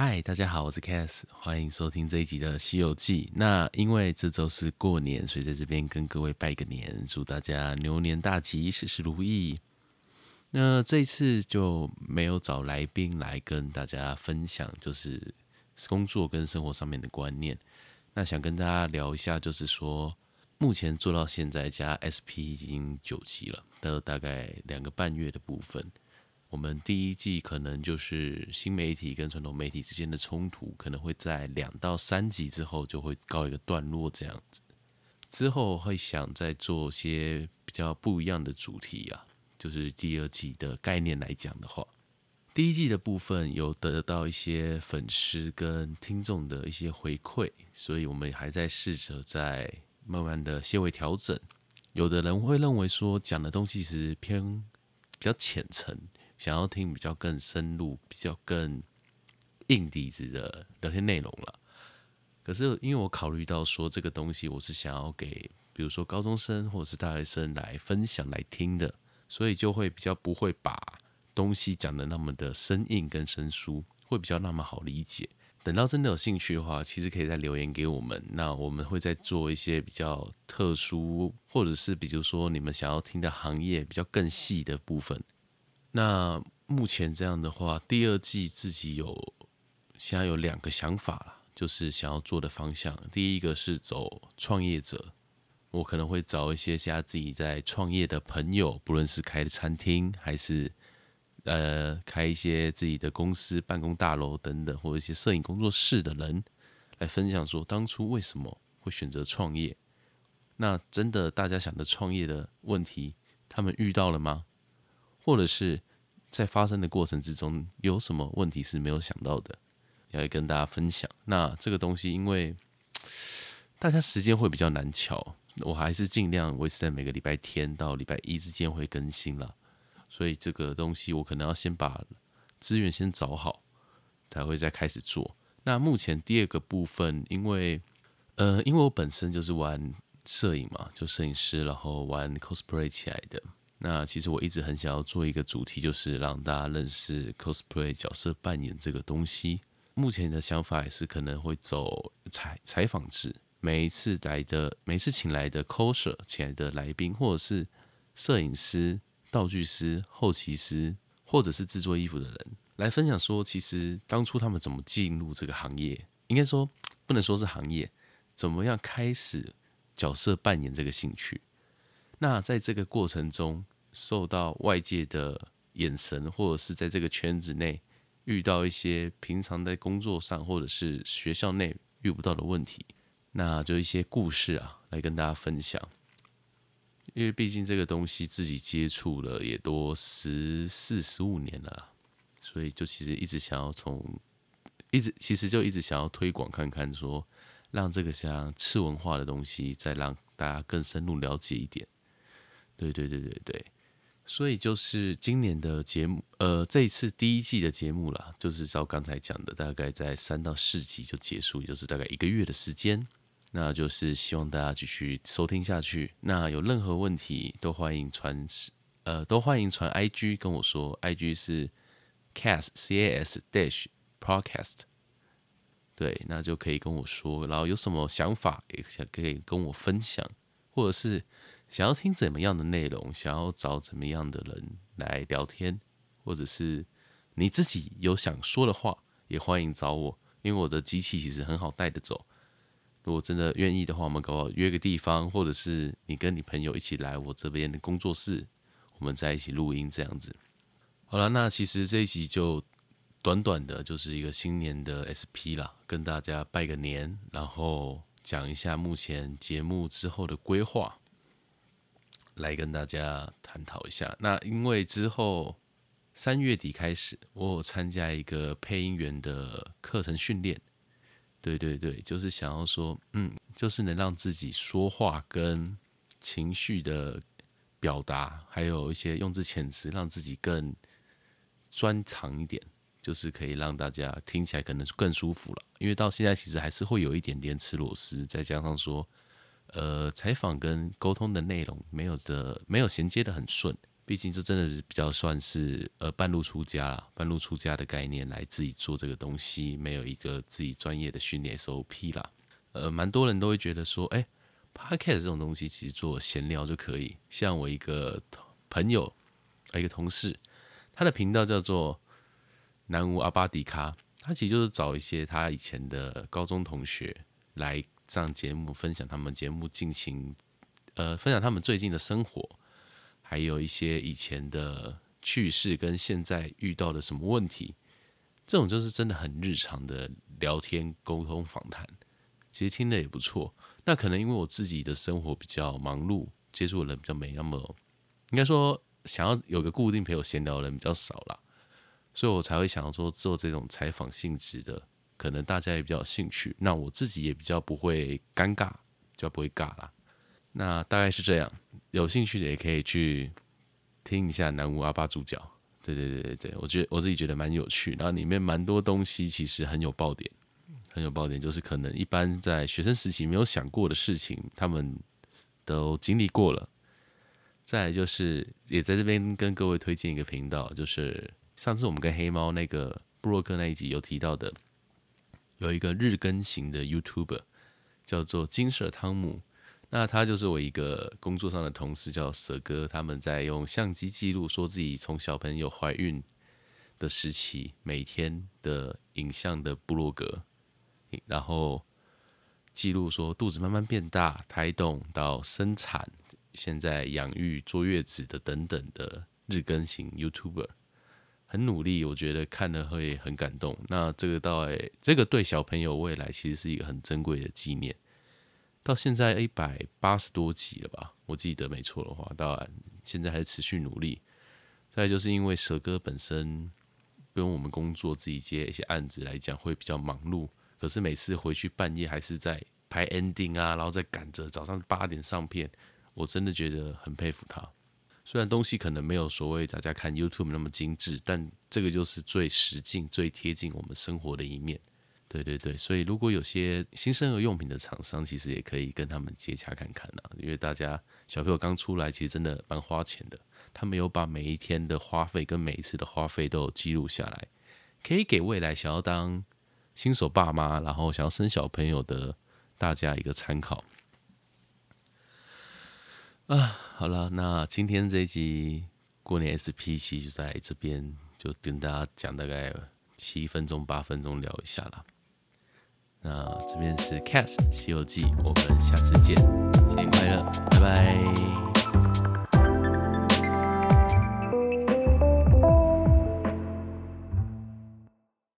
嗨，Hi, 大家好，我是 Cas，歡迎收聽這一集的《C 遊記》。那因為這周是過年，所以在這邊跟各位拜個年，祝大家牛年大吉，事事如意。那這一次就沒有找來賓來跟大家分享，就是工作跟生活上面的觀念。那想跟大家聊一下，就是說目前做到現在加 SP 已經九期了，都大概兩個半月的部分。我們第一季可能就是新媒體跟傳統媒體之間的衝突，可能會在兩到三集之後就會告一個段落。這樣子之後會想再做些比較不一樣的主題啊。就是第二季的概念來講的話，第一季的部分有得到一些粉絲跟聽眾的一些回饋，所以我們還在試着在慢慢的些微調整。有的人會認為說講的東西是偏比較淺層。想要聽比較更深入、比較更硬底子的聊天內容了，可是因為我考慮到說這個東西我是想要給，比如說高中生或者是大學生來分享來聽的，所以就會比較不會把東西講的那麼的生硬跟生疏，會比較那麼好理解。等到真的有興趣的話，其實可以再留言給我們，那我們會再做一些比較特殊，或者是比如說你們想要聽的行業比較更細的部分。那目前這樣的話，第二季自己有現在有兩個想法啦，就是想要做的方向。第一個是走創業者，我可能會找一些現在自己在創業的朋友，不論是開的餐廳還是呃開一些自己的公司、辦公大樓等等，或者一些攝影工作室的人來分享說，當初為什麼會選擇創業？那真的大家想的創業的問題，他們遇到了嗎？或者是在發生的過程之中有什麼問題是沒有想到的，要來跟大家分享。那這個東西因為大家時間會比較難喬，我還是盡量維持在每個禮拜天到禮拜一之間會更新啦。所以這個東西我可能要先把資源先找好，才會再開始做。那目前第二個部分，因為呃，因為我本身就是玩攝影嘛，就攝影師，然後玩 cosplay 起來的。那其實我一直很想要做一個主題，就是讓大家認識 cosplay 角色扮演這個東西。目前的想法也是可能會走採採訪制，每一次來的，每次請來的 coser，請來的來賓，或者是攝影師、道具師、後期師，或者是製作衣服的人，來分享說，其實當初他們怎麼進入這個行業，應該說不能說是行業，怎麼樣開始角色扮演這個興趣。那在這個過程中，受到外界的眼神，或者是在這個圈子內遇到一些平常在工作上或者是學校內遇不到的問題，那就一些故事啊，來跟大家分享。因為畢竟這個東西自己接觸了也多十四十五年了，所以就其實一直想要從一直其實就一直想要推廣看看，說讓這個像次文化的東西，再讓大家更深入了解一點。對對對對對，所以就是今年的節目，呃，這一次第一季的節目啦，就是照剛才講的，大概在三到四集就結束，也就是大概一個月的時間。那就是希望大家繼續收聽下去。那有任何問題都歡迎傳，呃，都歡迎傳 I G 跟我說，I G 是 c a s c a s dash podcast，對，那就可以跟我說。然後有什麼想法也想可以跟我分享，或者是。想要聽怎麼樣的內容，想要找怎麼樣的人來聊天，或者是你自己有想說的話，也歡迎找我。因為我的機器其實很好帶着走。如果真的願意的話，我們搞不好約個地方，或者是你跟你朋友一起來我這邊的工作室，我們在一起錄音這樣子。好了，那其實這一集就短短的，就是一個新年的 SP 啦，跟大家拜個年，然後講一下目前節目之後的規劃。來跟大家探討一下。那因為之後三月底開始，我有參加一個配音員的課程訓練。對對對，就是想要說，嗯，就是能讓自己說話跟情緒的表達，還有一些用字遣詞，讓自己更專長一點，就是可以讓大家聽起來可能更舒服了。因為到現在其實還是會有一點點吃螺絲，再加上說。呃，採訪跟溝通的內容沒有的，沒有銜接得很順。畢竟這真的是比較算是呃半路出家了，半路出家的概念來自己做這個東西，沒有一個自己專業的訓練 SOP 了。呃，蠻多人都會覺得說，哎，欸，Podcast 這種東西其實做閒聊就可以。像我一個朋友，呃，一個同事，他的頻道叫做南無阿爸豬腳，他其實就是找一些他以前的高中同學來。這樣節目分享他們節目進行，呃，分享他們最近的生活，還有一些以前的趣事跟現在遇到的什麼問題，這種就是真的很日常的聊天溝通訪談，其實聽得也不錯。那可能因為我自己的生活比較忙碌，接觸的人比較沒那麼，應該說想要有個固定朋友閒聊的人比較少啦，所以我才會想要說做這種採訪性質的。可能大家也比較有興趣，那我自己也比較不會尷尬，就不會尬啦。那大概是這樣，有興趣的也可以去聽一下南無阿爸豬腳。對對對對對，我覺得我自己覺得蠻有趣，然後裡面蠻多東西其實很有爆點，很有爆點，就是可能一般在學生時期沒有想過的事情，他們都經歷過了。再來就是也在這邊跟各位推薦一個頻道，就是上次我們跟黑貓那個布洛克那一集有提到的。有一個日更型的 YouTuber 叫做金 sir 湯母，那他就是我一個工作上的同事，叫蛇哥。他們在用相機記錄，說自己從小朋友懷孕的時期，每天的影像的部落格，然後記錄說肚子慢慢變大、胎動到生產，現在養育坐月子的等等的日更型 YouTuber。很努力，我覺得看了會很感動。那這個到哎，這個對小朋友未來其實是一個很珍貴的紀念。到現在一百八十多集了吧？我記得沒錯的話，到現在還持續努力。再來就是因為蛇哥本身跟我們工作自己接一些案子來講，會比較忙碌。可是每次回去半夜還是在拍 ending 啊，然後在趕着早上八點上片，我真的覺得很佩服他。雖然東西可能沒有所謂大家看 YouTube 那麼精緻，但這個就是最實際、最貼近我們生活的一面。對對對，所以如果有些新生兒用品的廠商，其實也可以跟他們接洽看看啦，因為大家小朋友剛出來，其實真的蠻花錢的。他沒有把每一天的花費跟每一次的花費都記錄下來，可以給未來想要當新手爸媽，然後想要生小朋友的大家一個參考。啊，好了，那今天這一集過年 SPC 就在這邊，就跟大家講大概七分鐘八分鐘聊一下啦。那這邊是《Cats 西遊記》，我們下次見，新年快樂，拜拜。